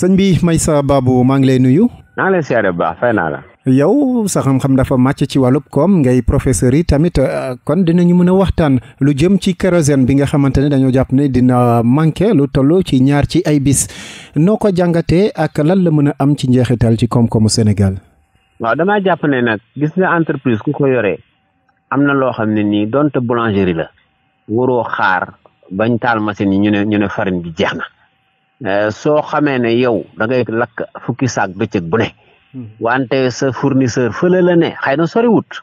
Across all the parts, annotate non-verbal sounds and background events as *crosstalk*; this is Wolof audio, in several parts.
sëñ bi Meissa Babou maa ngi lay nuyu. naa lay siyaare bu baax fay naa la. yow sa xam-xam dafa màcc ci wàllub koom ngay professeur yi tamit euh, kon dinañu mën a waxtaan lu jëm ci kérosène bi nga xamante ne dañoo jàpp ne dina manqué lu toll ci ñaar ci ay bis noo ko jàngatee ak lan la mën a am ci njeexital ci koom-koomu Sénégal. waaw damaa jàpp ne nag gis nga entreprise ku ko yoree am na loo xam ne nii donte boulangerie la waroo xaar bañ taal machine yi ñu ne ñu ne farine bi jeex na. Eh, soo xamee ne yow da ngay lakk fukki saak bëccëg bu ne hmm. wante sa fournisseur fële la ne xëy na soriwut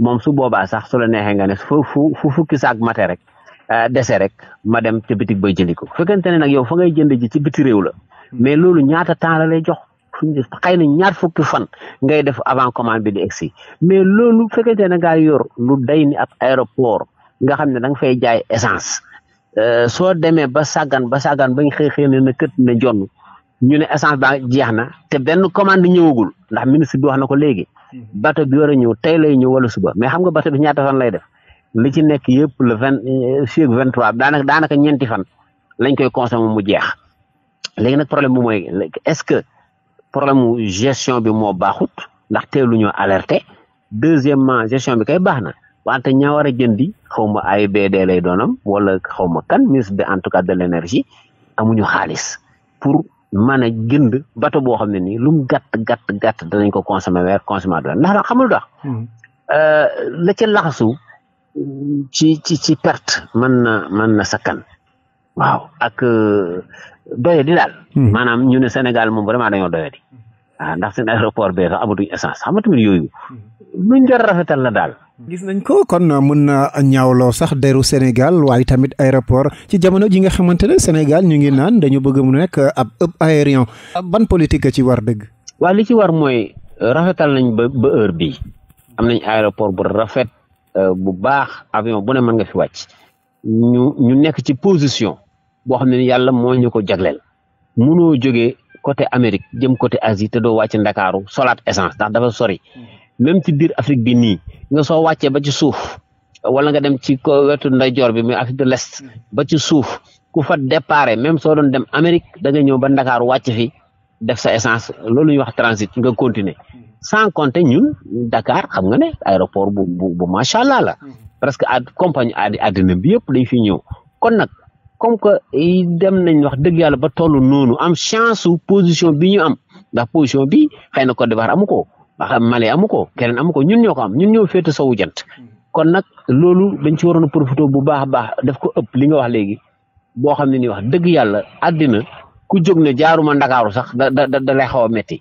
moom su boobaa sax su la neexee nga ne fu fu fukki saak mate rek eh, dese rek ma dem ca bitig bay jëndi ko fekkente ne nag yow fa ngay jënd ji ci biti réew la hmm. mais loolu ñaata temps la lay jox xëy na ñaar fukki fan ngay def avant commande bi di egsi mais loolu fekkente ne nga yor lu day ni ab aéroport nga xam ne da nga fay jaay essence Euh, soo demee ba sàggan ba sàggan ba ñu xëy xëy ne na kët ne jonn ñu ne essence ba jeex na te benn commande ñëwagul ndax ministre bi wax na ko léegi bato bi war ñëw tey lay ñëw wala suba mais xam nga bato bi ñaata fan lay def li ci nekk yëpp le vingt siècle euh, vingt trois daanaka daanaka ñeenti fan lañ koy consommer mu jeex léegi nag problème bu mooy est-ce que problème mu gestion bi moo baaxut ndax teelu ñoo alerté deuxièmement gestion bi kay baax na wante ña war a jëndi xaw ma AIBD lay doonam wala xaw ma kan ministre de en tout cas de l' énergie amuñu xaalis pour mën a jënd bato boo xam ne nii lu mu gàtt gàtt gàtt danañ ko consommer weer consommer weer xam xamul dox hmm. euh, la laxasu ci ci ci perte man na mën na sakkan waaw ak euh, doye di daal hmm. maanaam ñu ne Sénégal moom vraiment dañoo doye di waaw hmm. ah, ndax seen aéroport bee sax amatuñ essence xamatuñ yooyu luñ jar rafetal la daal gis nañ ko kon mën na ñaawloo sax deru Sénégal waaye tamit aéroport ci jamono ji nga xamante ne Sénégal ñu ngi naan dañu bëgg mu nekk ab ëpp aérien ban politique ci war dëgg. waaw li ci war mooy euh, rafetal nañ ba ba heure bii am nañ aéroport bu rafet euh, bu baax avion bu ne mën nga fi wàcc ñu ñu nekk ci position boo xam ne yàlla moo ñu ko jagleel mënoo jóge côté Amérique jëm côté Asie te doo wàcc Ndakaaru solaat essence ndax dafa sori. même ci biir Afrique bi nii nga soo wàccee ba ci suuf wala nga dem ci ko wetu ndeyjoor bi muy Afrique de l'Est ba ci suuf ku fa départ même soo doon dem Amérique da nga ñëw ba Ndakaaru wàcc fi def sa essence loolu ñuy wax transit nga continuer sans compter ñun Dakar xam nga ne aéroport bu bu macha allah la parce que ad compagnie àddina bi yëpp dañ fi ñëw kon nag comme que eh, dem nañ wax dëgg yàlla ba tollu noonu am chance su position bi ñu am ndax position bi xëy na Côte d'Ivoire amu ko. Mali amu ko keneen amu ko ñun ñoo ko am ñun ñoo fete sowu jant kon nag loolu dañ ci waroon profité bu baax a baax daf ko ëpp li nga wax léegi boo xam ne ni wax dëgg yàlla àddina ku jóg ne jaaruma ndakaaru sax da da da lay xaw a metti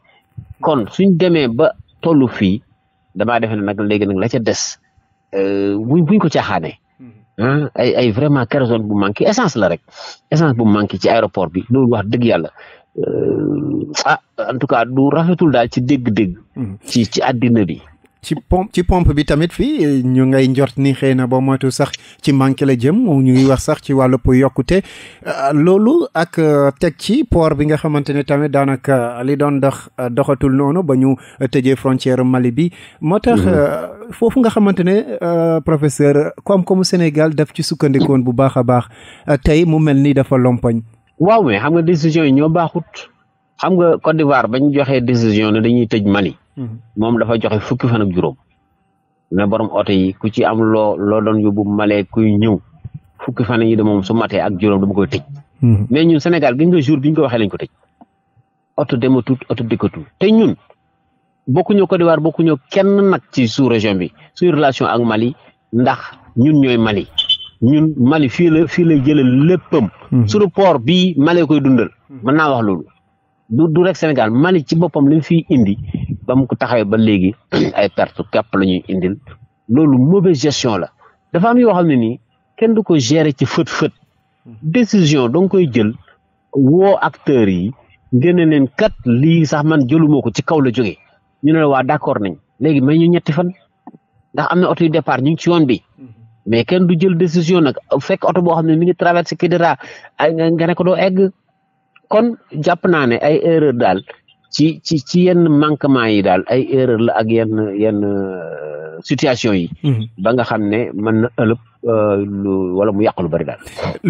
kon suñ demee ba tollu fii damaa defe ne nag léegi nag la ca des euh, buñ buñ ko caaxaanee hmm. ay ay vraiment kérosène bu manqué essence la rek essence bu manqué ci aéroport bi loolu wax dëgg yàlla Euh, ah en tout cas du rafetul daal ci dégg-dégg. Mhm. ci ci àddina bi. ci pompe ci pompe bi tamit fii ñu ngay njort ni xëy na boo moytu sax ci manqué la jëm ñu ngi wax sax ci wàllu yokkute euh, loolu ak euh, teg ci port bi nga xamante ne tamit daanaka li doon dox doxatul noonu ba ñu tëjee frontière Mali bi moo tax mhm. foofu nga xamante ne professeur koom-koomu Sénégal daf ci sukkandikoon bu baax a baax tey mu mel ni dafa lompoñ waaw mais xam nga décision yi ñoo baaxut xam nga Côte d'Ivoire bañ joxee décision ne dañuy tëj Mali. Mm-hmm. moom dafa joxe fukki fan ak juróom. ne borom oto yi ku ci am loo loo doon yóbbu Mali kuy ñëw fukki fan yi de moom su matee ak juróom dama koy tëj. Mm-hmm. mais ñun Sénégal gi nga jour bi ñu ko waxee lañ ko tëj. oto dematut oto dikkatul te ñun bokkuñu Côte d'Ivoire bokkuñu kenn nag ci sous région bi suñu relation ak Mali ndax ñun ñooy Mali. ñun Mali fii la fii lay jëlee léppam. Mhm. suñu port bii Mali koy dundal. Mhm. mën naa wax loolu du du rek Sénégal Mali ci boppam li fi indi ba mu ko taxawee ba léegi *clears throat* ay perte képp la ñuy indil loolu mauvaise gestion la dafa am yoo xam ne nii kenn du ko gere ci fët fët mhm. décision da koy jël woo acteur yi ngeen leen kat lii sax man jëluma ko ci kaw la jógee ñu ne la waa d'accord nañ léegi may ñu ñetti fan ndax am na oto yu départ ñu ci yoon bi. mais kenn du jël décision nag fekk oto boo xam ne mi ngi traversé kii di raa ay nga ne ko doo egg kon jàpp naa ne ay erreur daal ci ci ci yenn manquement yi daal ay erreur la ak yenn yenn euh, situation yi. Mhm. ba nga xam ne mën na ëlëb euh, lu wala mu yàq lu bari daal.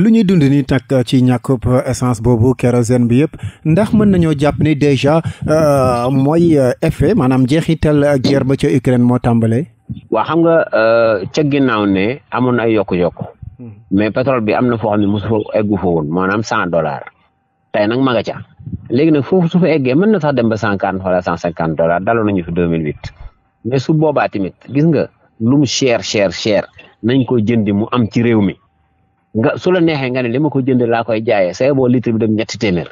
lu ñuy dund ni nag ci ñàkkub euh, essence boobu kérosène bi yëpp ndax mën nañoo jàpp ni déjà mooy effet maanaam jeexital guerre ba ca Ukraine moo tàmbalee. waa xam nga euh, ca ginnaaw ne amoon na ay yokku-yokku hmm. mais pétrole bi am na foo xam ne mosu fa eggu fa woon maanaam cent dollars tey nag ma nga ca léegi nag foofu su fa eggee mën na sax dem ba cent quarante wala cent cinquante dollars daloon nañu fi deux mille huit mais su boobaa tamit gis nga lu mu cher cher cher nañ ko jëndi mu am ci réew mi nga su la neexee nga ne li ma ko jënd laa koy jaayee say boo litre bi dem ñetti téeméer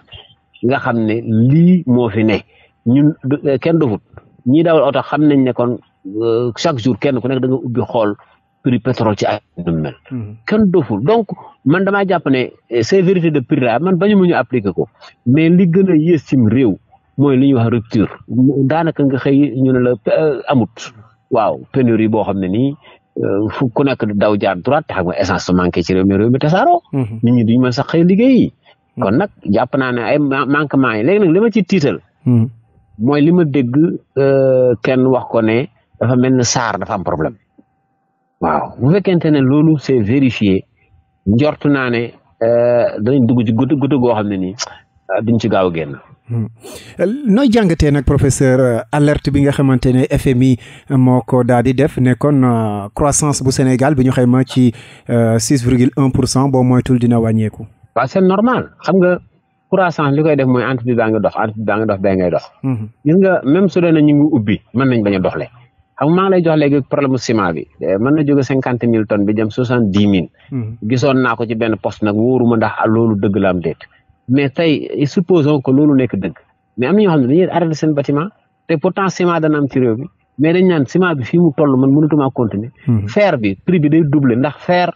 nga xam ne lii moo fi ne ñun kenn dofut ñii dawal oto xam ne kon Euh, chaque jour kenn ku da nga ubbi xool prix pétrole ci ay nu mel. Hmm. kenn doful donc man damaa jàpp ne eh, sévérité de prix la man bañu mu ñu appliquer ko mais li gën a réew mooy li ñuy wax rupture daanaka nga xëy ñu ne la euh, amut waaw pénurie boo xam ne nii. Euh, fu ku nekk daw jaar droite xam ma essence su manqué ci réew mi réew mi tasaaroo. Hmm. nit ñi duñ mën sax xëy liggéeyi. Hmm. kon nag jàpp naa ne ay manquement yi léegi nag li ma ci tiital. mooy li ko ne dafa mel ne saar dafa am problème waaw bu fekkente ne loolu c'est vérifié njort naa ne euh, dañ dugg ci gudd gudd goo xam ne nii ah, duñ ci gaaw a génn. Hmm. nooy jàngatee nag professeur euh, alerte bi nga xamante ne FMI moo ko daal di def nekkoon euh, croissance bu Sénégal bi ñu xayma ci six virgule un pour cent boo moytul dina wàññeeku. waaw c'est normal xam nga croissance li koy def mooy entreprise baa ngi dox entreprise baa ngi dox bee dox. Hmm. nga même su dee ñu ngi ubbi mën nañ bañ a doxle. xam nga maa ngi lay jox léegi problème mu bi eh, mën na jóge cinquante mille tonnes bi jëm soixante dix mille. Hmm. gisoon naa ko ci benn poste nag wóoruma ndax loolu dëgg la am déet. mais tey supposons ko loolu nekk dëgg mais am na ñoo xam ne dañuy arrêté seen bâtiment te pourtant ciment dana am ci réew bi mais dañ naan ciment bi fii mu toll man mënatuma continuer. Hmm. fer bi pri bi day doubler ndax fer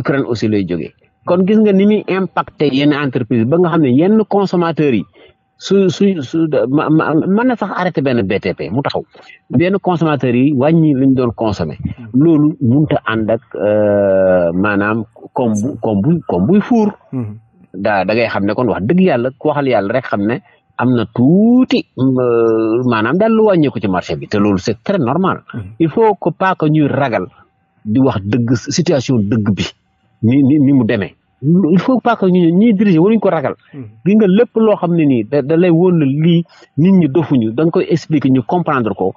Ukraine aussi lay jógee. kon gis nga ni muy impacté yenn entreprise ba nga xam ne yenn consommateurs yi su su su mën na sax arrêté benn BTP mu taxaw benn consommateur yi wàññi lañ doon consommé hmm. loolu mënut a ànd ak euh, maanaam comme bu buy fuur hmm. daa da ngay xam ne kon wax dëgg yàlla ku waxal yàlla rek xam ne am na tuuti mm, euh, maanaam daal lu wàññeeku ci marché bi te loolu c'est très normal hmm. il faut que pas ñuy ragal di wax dëgg situation dëgg bi ni ni ni mu demee il faut pas que ñu ñuy diriger ñu ko ragal. Hmm. gi nga lépp loo xam ne nii da lay woon na lii nit ñi dofuñu da nga koy expliquer ñu comprendre ko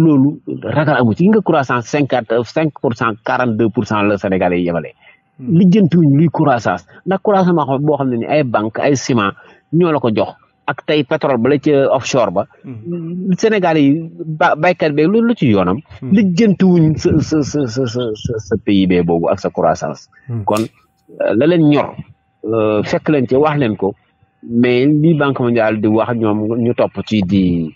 loolu ragal amu ci gi nga croissance cinquante cinq pour cent quarante deux pour cent la Sénégalais yi yemale. Hmm. lijjantiwuñ luy croissance ndax croissance xam boo xam ne ni ay banque ay ciment ñoo la ko jox. ak tey pétrole ba la ca offshore ba. Hmm. Sénégal yi ba baykat beeg lu ci yoonam. li sa sa sa sa sa sa PIB boobu ak sa croissance. kon laleen leen ñor euh, fekk leen ci wax leen ko mais li banque mondiale di wax ñoom ñu topp ci di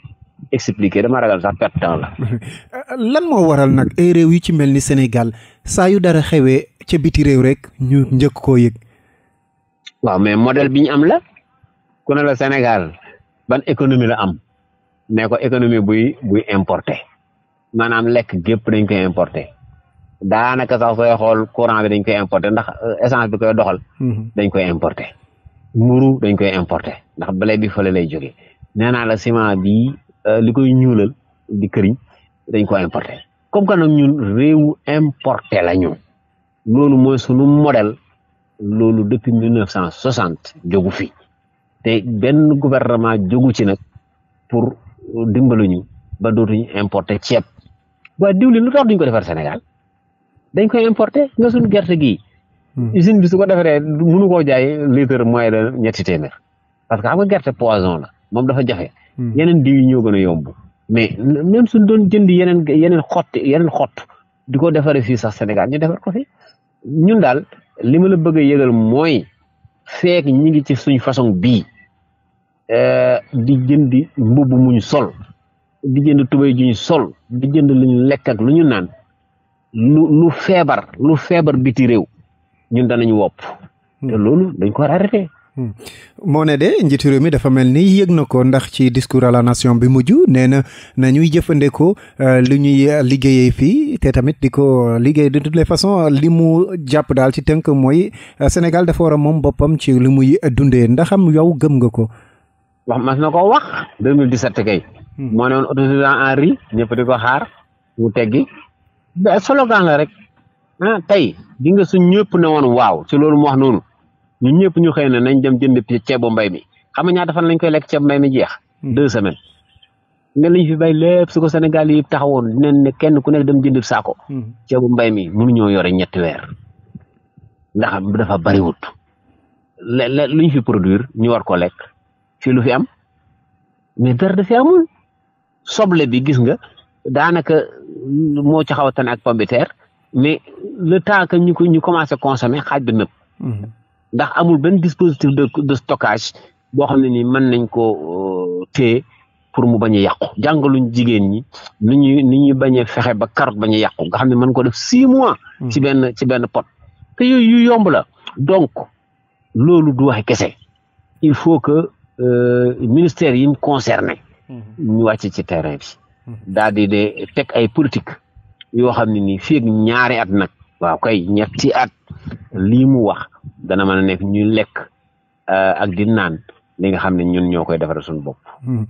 expliquer dama ragal sax perte temps la. *laughs* lan moo waral nag ay réew yu ci mel ni Sénégal saa yu dara xewee ca biti réew rek ñu njëkk koo yëg. waaw mais modèle bi ñu am la ku ne la Sénégal ban économie la am mais ko économie buy buy importer maanaam lekk gépp dañ koy importer. daanaka sax sooy xool courant bi dañ koy importer ndax euh, essence bi koy doxal. Mm-hmm. dañ koy importer mburu dañ koy importer ndax blé bi fële lay jógee nee naa la ciment bi euh, li koy ñuulal di këriñ dañ ko importer comme que nag ñun réewu importer a ñu loolu mooy sunu modèle loolu depuis mille neuf cent soixante jógu fi te benn gouvernement jógu ci nag pour euh, ñu ba dootuñu importer ceeb waa diwlin lu tax duñ ko defar Sénégal. dañ koy importer nga suñu gerte gi hmm. usine bi su ko defaree mënu koo jaay litre moyen de ñetti téeméer parce que xam nga gerte poison la moom dafa jafe. Hmm. yeneen diw yi ñoo gën a yomb. mais même suñ doon jënd yeneen yeneen xott yeneen xott di ko defaree fii sax Sénégal ñu defar ko fi ñun daal li ma la bëgg a yëgal mooy feek ñi ngi ci suñ façon bii euh, di jëndi mbubb muñ sol di jënd tubéy juñ sol di jënd luñ lekk ak lu ñu naan. lu lu feebar lu feebar biti réew ñun danañu wopp hmm. loolu dañ ko war hmm. moo ne de njiitu réew mi dafa mel ni yëg na ko ndax ci discours à la nation bi mujj nee na na ñuy jëfandikoo euh, lu ñuy liggéeyee fii te tamit di ko liggéey de toutes les façons li mu jàpp daal ci tënk mooy euh, Sénégal dafa war moom boppam ci li muy dundee ndaxam yow gëm nga ko. wax mas na ko wax. 2017 kay. Hmm. moo ne woon autosuffisance en riz ko xaar mu teggi slogan la rek ah tey di nga suñ ñëpp na woon waaw ci loolu mu wax noonu ñun ñëpp ñu xëy na nañ dem jënd ceebu mbay mi xam nga ñaata fan lañ koy lekk ceebu mbay mi jeex hmm. deux semaines nga lañ fi bay lépp suko ko Sénégal yi taxawoon dinañ ne kenn ku nekk dem jënd saako hmm. ceebu mbay mi ñoo yore ñetti weer ndax dafa bariwut le lu ñu fi produire ñu war ko lekk fii lu fi am mais dara da fi soble bi gis nga daanaka moo ci xaw a tane ak mais le temps que ñu ko ñu commencé consommer xaaj ba nëb. Mm-hmm. ndax amul benn dispositif de de stockage boo xam ne ni mën nañ ko euh, téye pour mu bañ a yàqu jàngaluñ jigéen ñi ni ñuy ni ñuy bañ a fexe ba carotte bañ a yàqu nga xam ne mën ko def six mois. Mm-hmm. ci benn ci benn pot. te yooyu yomb la donc loolu du waxe kese il faut que euh, ministère yi mu concerné mm-hmm. ñu wàcc ci terrain bi. daal di de teg ay politique yoo xam ne nii fii ñaari at nag waaw kay ñetti at lii mu wax dana mën a nekk ñu lekk euh, ak di naan li nga xam ne ñun ñoo koy defaral suñu bopp. Hmm.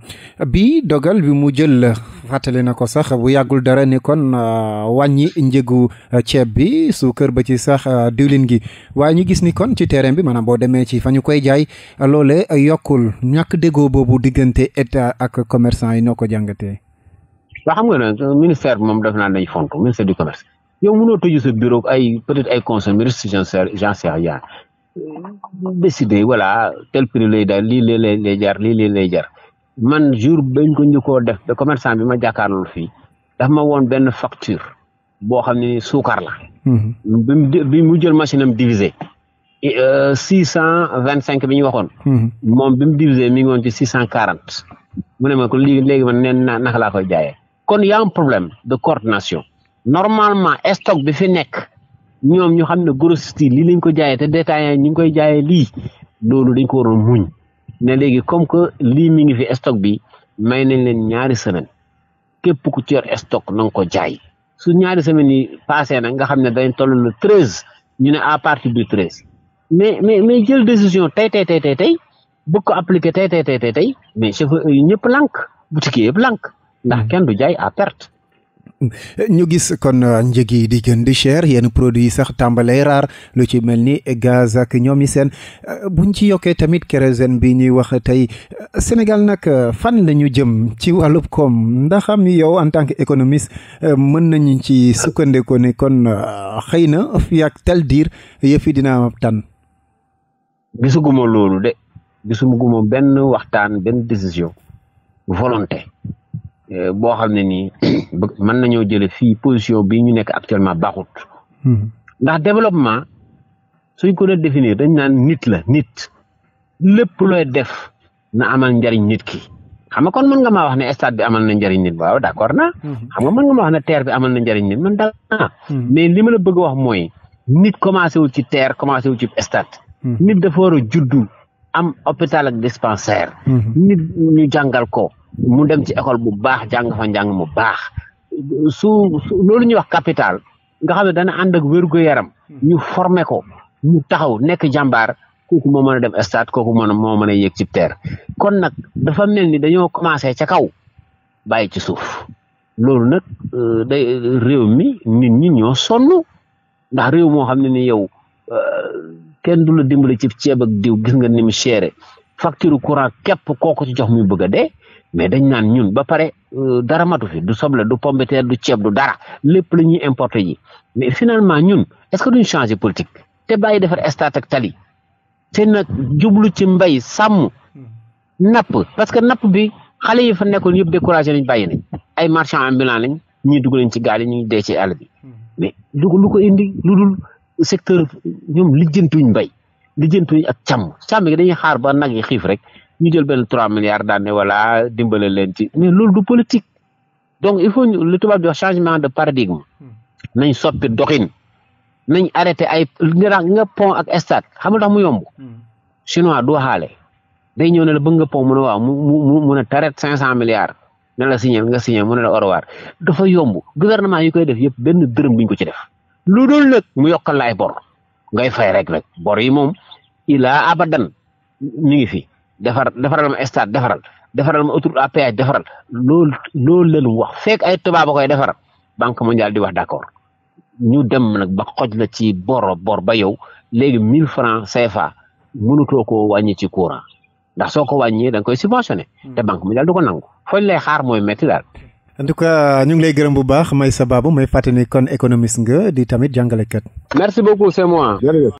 bii dogal bi mu jël fàttali na ko sax bu yàggul dara ni kon euh, wàññi njëgu euh, ceeb bi suukar ba ci sax diwlin gi waaye ñu gis ni kon ci terrain bi maanaam boo demee ci fa ñu koy jaay loole yokkul ñàkk déggoo boobu diggante état ak commerçant yi noo ko jàngatee. yoo xam nga ne ministère bi moom def naa dañuy fonk ministère du commerce yow mënoo tëju sa bureau ay peut-être ay consommateurs j'en sais rien décider voilà tel prix lay daal lii lay lay jar lii lay lay jar man jour bañ ko njëkkoo def ba commerçant bi ma jàkkaarloo fii daf ma woon benn facture boo xam ne suukar la. Mm-hmm. bi mu jël machine am divisé. Euh, six cent vingt cinq bi ñu waxoon. Mm-hmm. moom bi mu divisé mi ngi woon ci six cent quarante. mu ne ma ko léegi léegi man nee na naka laa koy jaayee. kon y problème de coordination normalement stock bi fi nekk ñoom ñu xam ne grossiste yi lii lañ ko jaayee te détaillant ñu ngi koy jaayee lii loolu dañ ko waroon muñ ne léegi comme que lii mi ngi fi stock bi may nañ leen ñaari semaine képp ku ci stock na nga ko jaay su ñaari semaines yi passé nag nga xam ne dañ toll le treize ñu ne à partir du treize mais mais mais jël décision tey tey tey tey tey bëgg ko appliquer tey tey tey tey tey mais chauffeur yi ñëpp lànk boutique yëpp lank ndax hmm. kenn du jaay à perte. Hmm. ñu gis kon euh, njëg yi di gën di cher yenn produit yi sax tàmbalee raar lu ci mel ni gaz ak ñoom yi seen euh, buñ ci yokkee tamit kérosène bi ñuy wax tey euh, Sénégal nag fan nañu jëm ci wàllub koom ndaxam am yow en tant que économiste mën nañ ci sukkandiku ne kon xëy na fii ak tel diir yëf yi dina tànn. gisuguma loolu de gisuguma benn waxtaan benn décision volonté. Euh, boo xam ne nii *clears throat* na ñoo jële fii position bi ñu nekk actuellement baaxut hmm. ndax développement suñ ko doon dañ naan nit la nit lépp looy def na amal njariñ nit ki xam nga kon mën nga maa wax ne stade bi amal na njariñ nit waaw d'accord na hmm. xam nga mën nga maa wax bi amal na njariñ nit man daal hmm. mais li ma la bëgg wax mooy nit commencé wu ci terre commencé wu ci stade nit dafa war a juddu am hôpital ak nit ñu jàngal ko mu dem ci école bu baax jàng fa njàng mu baax su loolu ñuy wax capital nga xam ne dana ànd ak wér yaram ñu formé ko ñu taxaw nekk jàmbaar ku moo mën a dem stade kooku mën moo mën a yéeg ci terre kon nag dafa mel ni dañoo commencé ca kaw bàyyi ci suuf loolu nag euh, day mi nit ñi ñoo sonn ndax réew moo xam ne ni yow euh, kenn du la dimbali ci ceeb ak diw gis nga ni mu chéré facture courant képp koo ko ci jox muy bëgg a dee mais dañ naan ñun ba pare euh, dara matu fi du soble du pomme du ceeb du dara lépp la ñuy importer ji mais finalement ñun est-ce que duñ changer politique te bàyyi defar état ak tali te nag jublu ci mbay sàmm napp parce que napp bi xale yi fa nekkoon yëpp découragé nañ bàyyi nañ ay marchand ambulant lañ ñii dugg nañ ci gaal yi ñu ngi dee ci àll bi hmm. mais lu ko lu ko indi lu dul secteur ñoom lijjantuñ mbay lijjantuñ ak càmm càmm gi dañuy xaar ba nag yi xiif rek ñu jël benn trois milliards daan ne wala dimbale leen ci mais loolu du politique donc il faut lu tubaab di wax changement de paradigme hmm. nañ soppi doxin nañ arrêté ay nga nga pont ak stade xam nga tax mu yomb hmm. chinois du waxaale day ñëw ne la bëgg nga pont mu ne waaw mu mu mu ne taret cinq cent milliards ne la signé nga signé mu ne la orwaar dafa yomb gouvernement yi koy def yëpp benn dërëm duñ ko ci def lu dul nag mu yokkal laay bor ngay fay rek rek bor yi moom ilaa abadan ñu ngi fi defar defaral ma stade defaral defaral ma autoroute à péage defaral loolu loolu lañu wax fek ay tubaab a koy defaral banque mondiale di wax d'accord ñu dem nag ba xoj la ci bor bor ba yow léegi mille francs CFA mënutoo koo wàññi ci courant ndax soo ko wàññee da nga koy subventionné hmm. te banque mondiale du ko nangu fooñ lay xaar mooy métti daal en tout cas ñu ngi lay gërëm bu baax Meissa Babou may fàttali ni kon économiste nga di tamit jàngalekat. merci beaucoup c'est